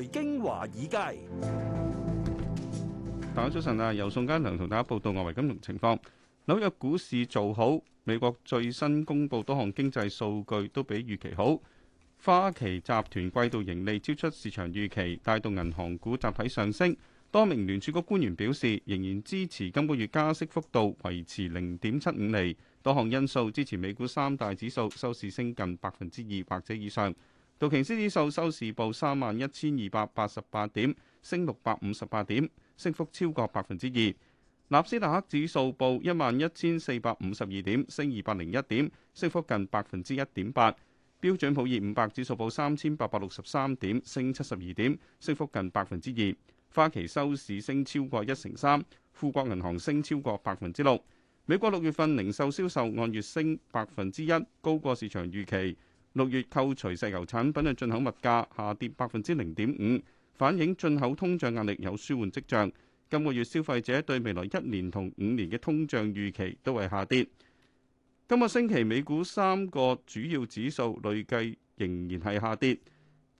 財經華爾街，大家早晨啊！由宋嘉良同大家報道外圍金融情況。紐約股市做好，美國最新公布多項經濟數據都比預期好。花旗集團季度盈利超出市場預期，帶動銀行股集體上升。多名聯儲局官員表示，仍然支持今個月加息幅度維持零點七五厘。多項因素支持美股三大指數收市升近百分之二或者以上。道瓊斯指數收市報三萬一千二百八十八點，升六百五十八點，升幅超過百分之二。納斯達克指數報一萬一千四百五十二點，升二百零一點，升幅近百分之一點八。標準普爾五百指數報三千八百六十三點，升七十二點，升幅近百分之二。花旗收市升超過一成三，富國銀行升超過百分之六。美國六月份零售銷售，銷售按月升百分之一，高過市場預期。六月扣除石油產品嘅進口物價下跌百分之零點五，反映進口通脹壓力有舒緩跡象。今個月消費者對未來一年同五年嘅通脹預期都係下跌。今個星期美股三個主要指數累計仍然係下跌，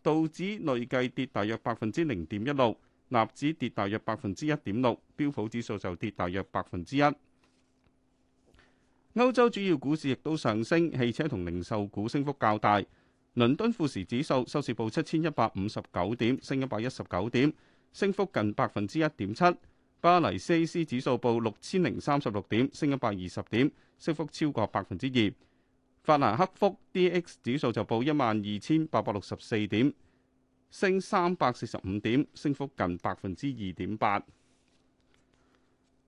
道指累計跌大約百分之零點一六，納指跌大約百分之一點六，標普指數就跌大約百分之一。歐洲主要股市亦都上升，汽車同零售股升幅較大。倫敦富時指數收市報七千一百五十九點，升一百一十九點，升幅近百分之一點七。巴黎 CAC 指數報六千零三十六點，升一百二十點，升幅超過百分之二。法蘭克福 DAX 指數就報一萬二千八百六十四點，升三百四十五點，升幅近百分之二點八。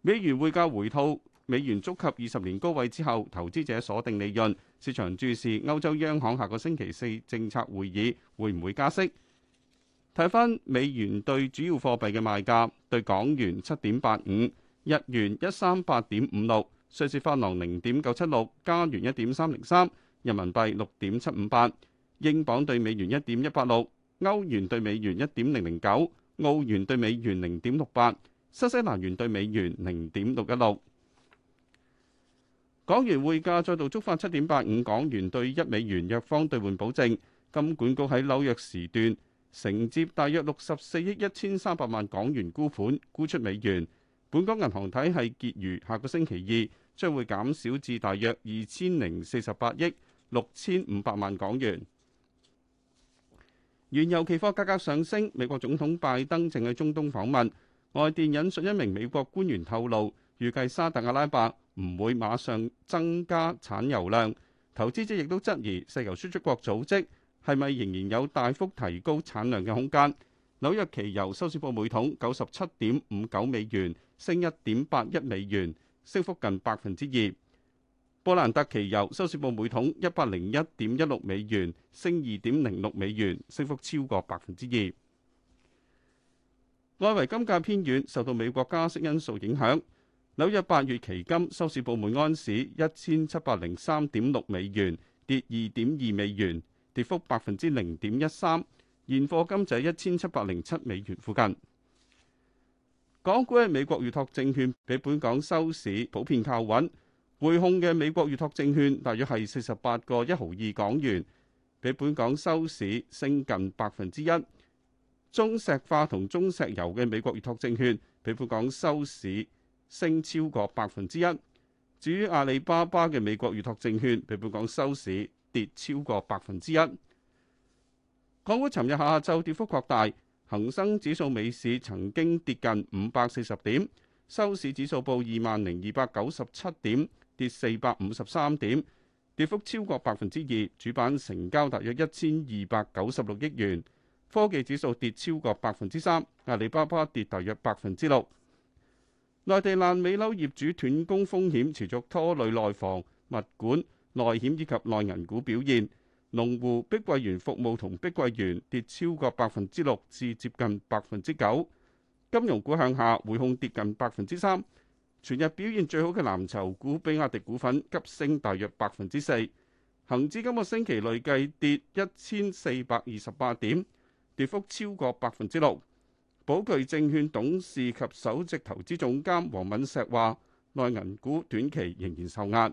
美元匯價回吐。美元觸及二十年高位之後，投資者鎖定利潤。市場注視歐洲央行下個星期四政策會議會唔會加息。睇翻美元兌主要貨幣嘅賣價：對港元七點八五，日元一三八點五六，瑞士法郎零點九七六，加元一點三零三，人民幣六點七五八，英鎊兌美元一點一八六，歐元兌美元一點零零九，澳元兌美元零點六八，新西蘭元兌美元零點六一六。港元匯價再度觸發七點八五港元對一美元弱方兌換保證。金管局喺紐約時段承接大約六十四億一千三百萬港元沽款，沽出美元。本港銀行體系結餘下個星期二將會減少至大約二千零四十八億六千五百萬港元。原油期貨價格上升。美國總統拜登正喺中東訪問。外電引述一名美國官員透露，預計沙特阿拉伯，唔會馬上增加產油量，投資者亦都質疑石油輸出國組織係咪仍然有大幅提高產量嘅空間。紐約期油收市報每桶九十七點五九美元，升一點八一美元，升幅近百分之二。波蘭特期油收市報每桶一百零一點一六美元，升二點零六美元，升幅超過百分之二。外圍金價偏軟，受到美國加息因素影響。紐約八月期金收市，部門安市一千七百零三點六美元，跌二點二美元，跌幅百分之零點一三。現貨金就係一千七百零七美元附近。港股嘅美國預託證券，比本港收市普遍靠穩。匯控嘅美國預託證券大約係四十八個一毫二港元，比本港收市升近百分之一。中石化同中石油嘅美國預託證券比本港收市，升超過百分之一。至於阿里巴巴嘅美國預託證券，比本港收市跌超過百分之一。港股尋日下晝跌幅擴大，恒生指數尾市曾經跌近五百四十點，收市指數報二萬零二百九十七點，跌四百五十三點，跌幅超過百分之二。主板成交大約一千二百九十六億元，科技指數跌超過百分之三，阿里巴巴跌大約百分之六。內地爛尾樓業主斷供風險持續拖累內房、物管、內險以及內銀股表現。農戶碧桂園服務同碧桂園跌超過百分之六至接近百分之九。金融股向下，匯控跌近百分之三。全日表現最好嘅藍籌股比亞迪股份急升大約百分之四。恒指今個星期累計跌一千四百二十八點，跌幅超過百分之六。寶巨證券董事及首席投資總監黃敏石話：內銀股短期仍然受壓。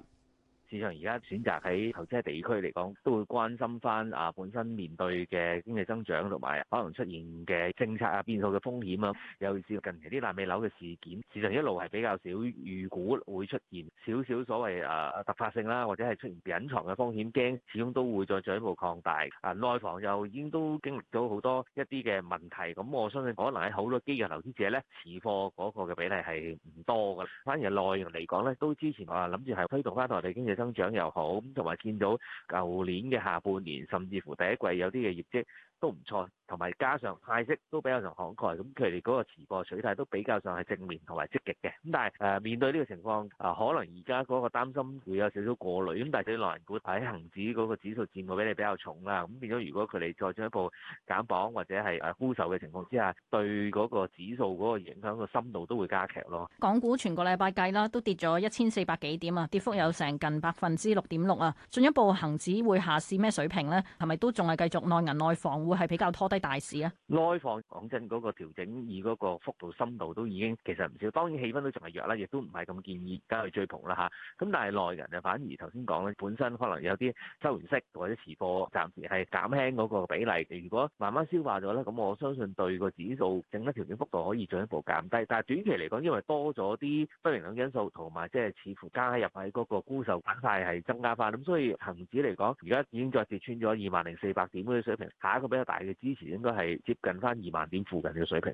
市場而家選擇喺投資地區嚟講，都會關心翻啊本身面對嘅經濟增長，同埋可能出現嘅政策啊變數嘅風險啊。尤其是近期啲爛尾樓嘅事件，市場一路係比較少預估會出現少少所謂啊突發性啦，或者係出現隱藏嘅風險，驚始終都會再進一步擴大。啊內房又已經都經歷咗好多一啲嘅問題，咁我相信可能喺好多機構投資者咧，持貨嗰個嘅比例係唔多㗎，反而內容嚟講咧，都之前我話諗住係推動翻內地經濟增長又好，同埋見到舊年嘅下半年，甚至乎第一季有啲嘅業績。都唔錯，同埋加上派息都，都比較上慷慨，咁佢哋嗰個持貨水位都比較上係正面同埋積極嘅。咁但係誒面對呢個情況，誒可能而家嗰個擔心會有少少過慮。咁但係對內銀股睇，恒指嗰個指數佔據比例比較重啦，咁變咗如果佢哋再進一步減磅或者係誒沽售嘅情況之下，對嗰個指數嗰個影響個深度都會加劇咯。港股全個禮拜計啦，都跌咗一千四百幾點啊，跌幅有成近百分之六點六啊。進一步恒指會下試咩水平咧？係咪都仲係繼續內銀內房？係比較拖低大市啊！內房講真，嗰個調整以嗰個幅度深度都已經其實唔少。當然氣氛都仲係弱啦，亦都唔係咁建議而家去追捧啦嚇。咁但係內人就反而頭先講咧，本身可能有啲收完息或者持貨，暫時係減輕嗰個比例。如果慢慢消化咗咧，咁我相信對個指數整體調整幅度可以進一步減低。但係短期嚟講，因為多咗啲不明朗因素，同埋即係似乎加入喺嗰個沽售板塊係增加翻。咁所以恒指嚟講，而家已經再跌穿咗二萬零四百點嗰啲水平，下一個。比較大嘅支持，應該係接近翻二萬點附近嘅水平。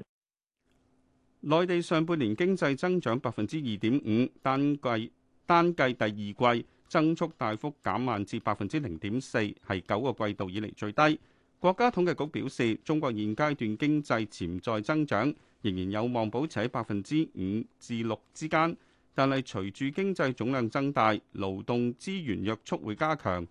內地上半年經濟增長百分之二點五，單季單季第二季增速大幅減慢至百分之零點四，係九個季度以嚟最低。國家統計局表示，中國現階段經濟潛在增長仍然有望保持喺百分之五至六之間，但係隨住經濟總量增大，勞動資源約束會加強。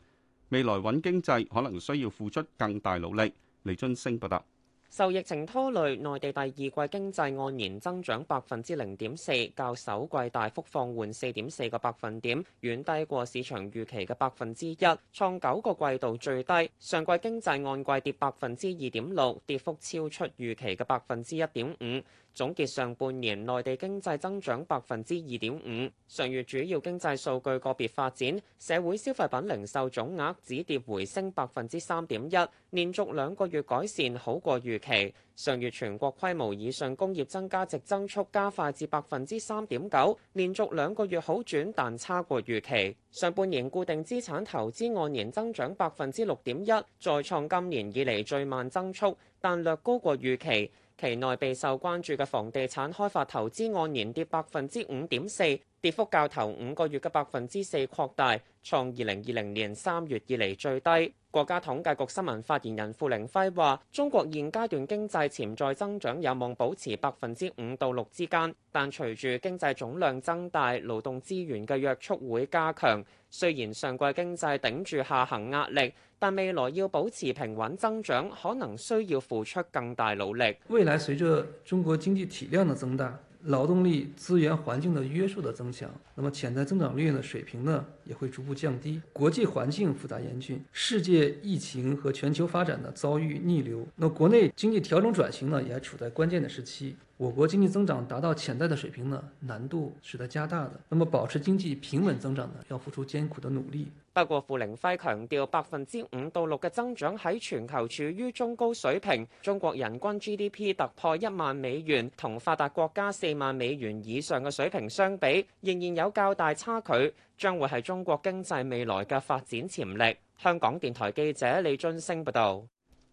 未來穩經濟可能需要付出更大努力。李津升報道，受疫情拖累，內地第二季經濟按年增長百分之零點四，較首季大幅放緩四點四個百分點，遠低過市場預期嘅百分之一，創九個季度最低。上季經濟按季跌百分之二點六，跌幅超出預期嘅百分之一點五。總結上半年內地經濟增長百分之二點五，上月主要經濟數據個別發展，社會消費品零售總額止跌回升百分之三點一，連續兩個月改善，好過預期。上月全國規模以上工業增加值增速加快至百分之三點九，連續兩個月好轉，但差過預期。上半年固定資產投資按年增長百分之六點一，再創今年以嚟最慢增速，但略高過預期。期內備受關注嘅房地產開發投資按年跌百分之五點四。跌幅較頭五個月嘅百分之四擴大，創二零二零年三月以嚟最低。國家統計局新聞發言人傅凌輝話，中國現階段經濟潛在增長有望保持百分之五到六之間，但隨住經濟總量增大，勞動資源嘅約束會加強。雖然上季經濟頂住下行壓力，但未來要保持平穩增長，可能需要付出更大努力。未來隨着中國經濟體量的增大。勞動力資源環境的約束的增強，那麼潛在增長率的水平呢，也會逐步降低。國際環境複雜嚴峻，世界疫情和全球發展呢遭遇逆流。那國內經濟調整轉型呢也處在關鍵的時期。我國經濟增長達到潛在的水平呢難度是在加大了。那麼保持經濟平穩增長呢要付出艱苦的努力。不過傅玲輝強調，百分之五到六嘅增長喺全球處於中高水平。中國人均 GDP 突破一萬美元，同發達國家四萬美元以上嘅水平相比，仍然有較大差距。將會係中國經濟未來嘅發展潛力。香港電台記者李俊升報導。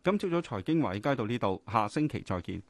今朝早財經華爾街到呢度，下星期再見。